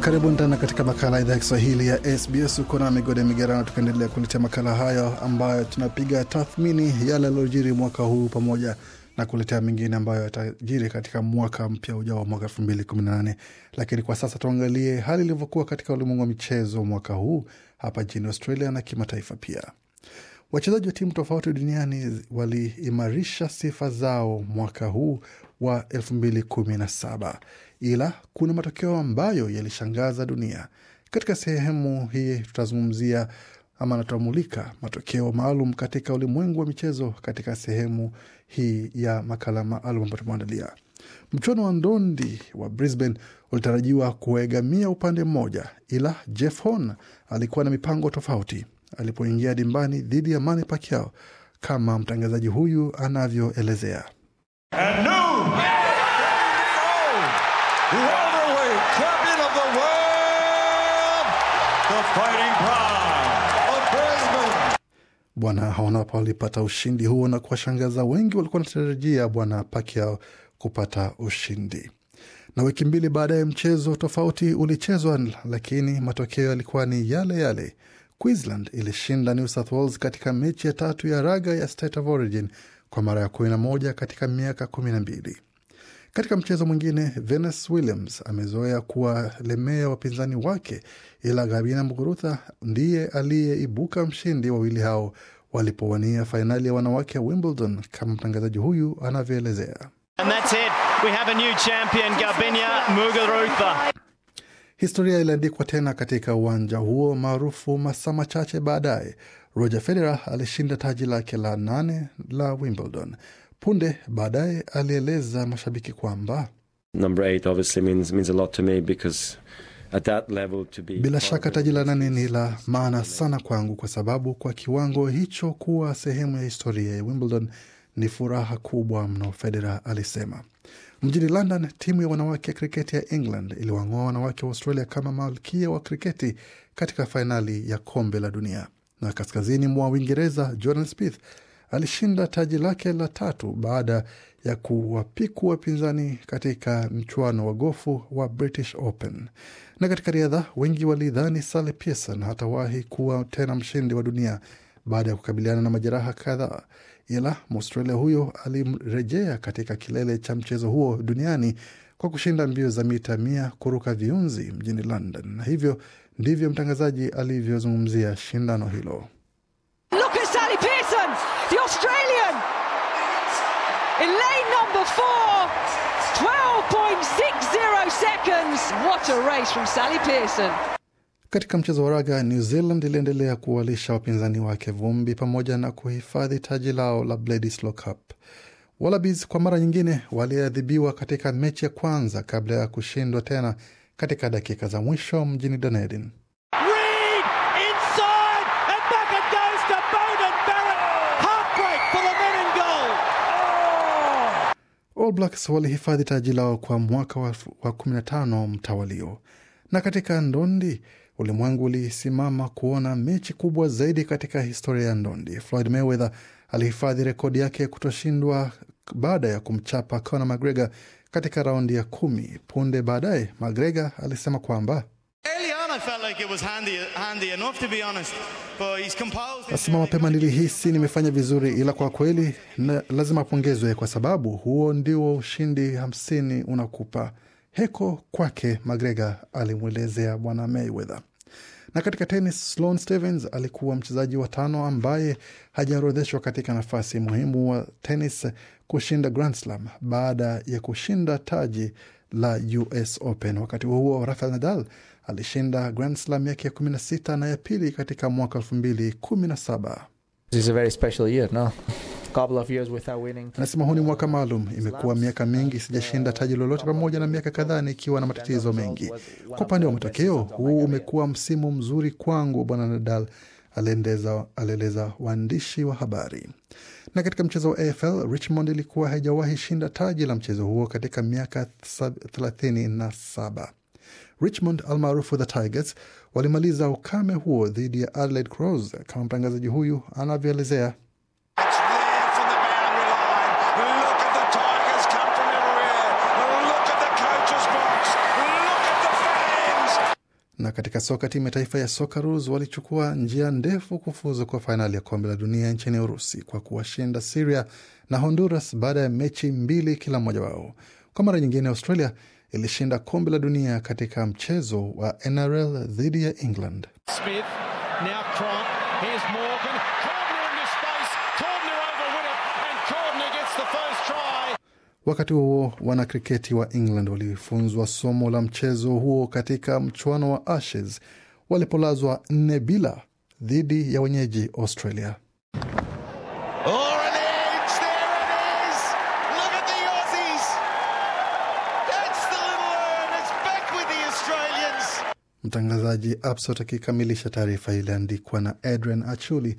Karibu ndana katika makala ya idhaa ya Kiswahili ya SBS. Uko na migode migerano, tukaendelea kuletea makala hayo ambayo tunapiga tathmini yale yaliyojiri mwaka huu pamoja na kuletea mengine ambayo yatajiri katika mwaka mpya ujao wa mwaka elfu mbili kumi na nane. Lakini kwa sasa tuangalie hali ilivyokuwa katika ulimwengu wa michezo mwaka huu hapa nchini Australia na kimataifa pia. Wachezaji wa timu tofauti duniani waliimarisha sifa zao mwaka huu wa 2017 ila kuna matokeo ambayo yalishangaza dunia. Katika sehemu hii tutazungumzia ama natamulika matokeo maalum katika ulimwengu wa michezo katika sehemu hii ya makala maalum ambayo tumeandalia. Mchuano wa ndondi wa Brisbane ulitarajiwa kuegamia upande mmoja, ila Jeff Horn alikuwa na mipango tofauti alipoingia dimbani dhidi ya Manny Pacquiao kama mtangazaji huyu anavyoelezea. Bwana haonapa alipata ushindi huo na kuwashangaza wengi walikuwa wanatarajia Bwana Pacquiao kupata ushindi. Na wiki mbili baadaye mchezo tofauti ulichezwa, lakini matokeo yalikuwa ni yale yale. Queensland ilishinda New South Wales katika mechi ya tatu ya raga ya State of Origin kwa mara ya kumi na moja katika miaka kumi na mbili. Katika mchezo mwingine, Venus Williams amezoea kuwalemea wapinzani wake, ila Gabina Mugurutha ndiye aliyeibuka mshindi. Wawili hao walipowania fainali ya wanawake ya Wimbledon, kama mtangazaji huyu anavyoelezea. Historia iliandikwa tena katika uwanja huo maarufu masaa machache baadaye. Roger Federer alishinda taji lake la nane la Wimbledon. Punde baadaye alieleza mashabiki kwamba bila shaka taji la nane ni la maana sana kwangu, kwa sababu kwa kiwango hicho kuwa sehemu ya historia ya Wimbledon ni furaha kubwa mno, Federer alisema. Mjini London, timu ya wanawake ya kriketi ya England iliwang'oa wanawake wa Australia kama malkia wa kriketi katika fainali ya kombe la dunia. Na kaskazini mwa Uingereza, Jordan Smith alishinda taji lake la tatu baada ya kuwapiku wapinzani katika mchuano wa gofu wa British Open. Na katika riadha, wengi walidhani Sally Pearson hatawahi kuwa tena mshindi wa dunia baada ya kukabiliana na majeraha kadhaa ila Mwaustralia huyo alirejea katika kilele cha mchezo huo duniani kwa kushinda mbio za mita mia kuruka viunzi mjini London, na hivyo ndivyo mtangazaji alivyozungumzia shindano hilo. Katika mchezo wa raga, New Zealand iliendelea kuwalisha wapinzani wake vumbi pamoja na kuhifadhi taji lao la Bledisloe Cup. Wallabies kwa mara nyingine waliadhibiwa katika mechi ya kwanza kabla ya kushindwa tena katika dakika za mwisho mjini Dunedin. Oh! All Blacks walihifadhi taji lao kwa mwaka wa 15 mtawalio. Na katika ndondi Ulimwengu ulisimama kuona mechi kubwa zaidi katika historia ya ndondi. Floyd Mayweather alihifadhi rekodi yake kutoshindwa baada ya kumchapa Conor McGregor katika raundi ya kumi. Punde baadaye, McGregor alisema kwamba Nasema mapema, nilihisi nimefanya vizuri, ila kwa kweli lazima apongezwe kwa sababu huo ndio ushindi hamsini unakupa. Heko kwake, Magrega alimwelezea bwana Mayweather. Na katika tenis, Sloan Stevens alikuwa mchezaji wa tano ambaye hajaorodheshwa katika nafasi muhimu wa tenis kushinda Grand Slam baada ya kushinda taji la US Open. Wakati huo huo, Rafael Nadal alishinda Grand Slam yake ya 16 na ya pili katika mwaka 2017. Anasema huu ni mwaka maalum. Imekuwa miaka mingi sijashinda taji lolote, pamoja na miaka kadhaa nikiwa na matatizo mengi. Kwa upande wa matokeo, huu umekuwa msimu mzuri kwangu, Bwana Nadal alieleza waandishi wa habari. Na katika mchezo wa AFL, Richmond ilikuwa haijawahi shinda taji la mchezo huo katika miaka 37. Richmond almaarufu the Tigers walimaliza ukame huo dhidi ya Adelaide Crows, kama mtangazaji huyu anavyoelezea. Na katika soka timu ya taifa ya Socceroos walichukua njia ndefu kufuzu kwa fainali ya kombe la dunia nchini Urusi kwa kuwashinda Syria na Honduras baada ya mechi mbili kila mmoja wao. Kwa mara nyingine, Australia ilishinda kombe la dunia katika mchezo wa NRL dhidi ya England Smith, now Wakati huo wanakriketi wa England walifunzwa somo la mchezo huo katika mchuano wa Ashes walipolazwa nne bila dhidi ya wenyeji Australia. Mtangazaji Absot akikamilisha taarifa iliandikwa na Adrian Achuli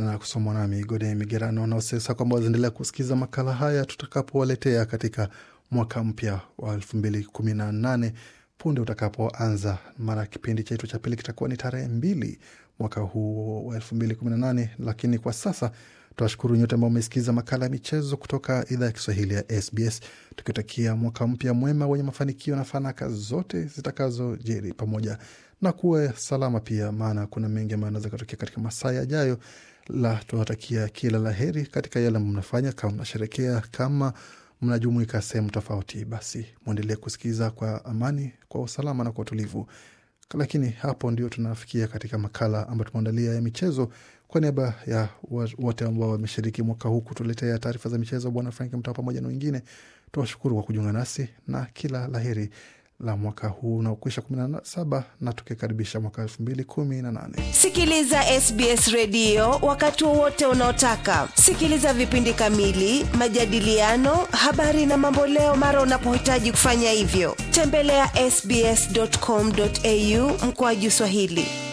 na kusomwa nami Gode Migerano. Na usisahau kwamba waziendelea kusikiza makala haya tutakapowaletea katika mwaka mpya wa elfu mbili kumi na nane punde utakapoanza. Mara kipindi chetu cha pili kitakuwa ni tarehe mbili mwaka huu wa elfu mbili kumi na nane lakini kwa sasa Tunashukuru nyote ambao umesikiza makala ya michezo kutoka idhaa ya Kiswahili ya SBS, tukitakia mwaka mpya mwema wenye mafanikio na fanaka zote zitakazojiri, pamoja na kuwa salama pia, maana kuna mengi ambayo anaweza katokea katika masaa yajayo la tunawatakia kila la heri katika yale mnafanya. Kama mnasherekea, kama mnajumuika sehemu tofauti, basi mwendelee kusikiliza kwa amani, kwa usalama na kwa utulivu. Lakini hapo ndio tunafikia katika makala ambayo tumeandalia ya michezo. Kwa niaba ya wote ambao wameshiriki mwaka huu kutuletea taarifa za michezo, Bwana Frank Mtaa pamoja na wengine, tuwashukuru kwa kujiunga nasi na kila laheri la mwaka huu unaokwisha 17 na tukikaribisha mwaka 2018. Sikiliza SBS redio wakati wowote unaotaka. Sikiliza vipindi kamili, majadiliano, habari na mamboleo mara unapohitaji kufanya hivyo. Tembelea ya sbs.com.au mkoaju Swahili.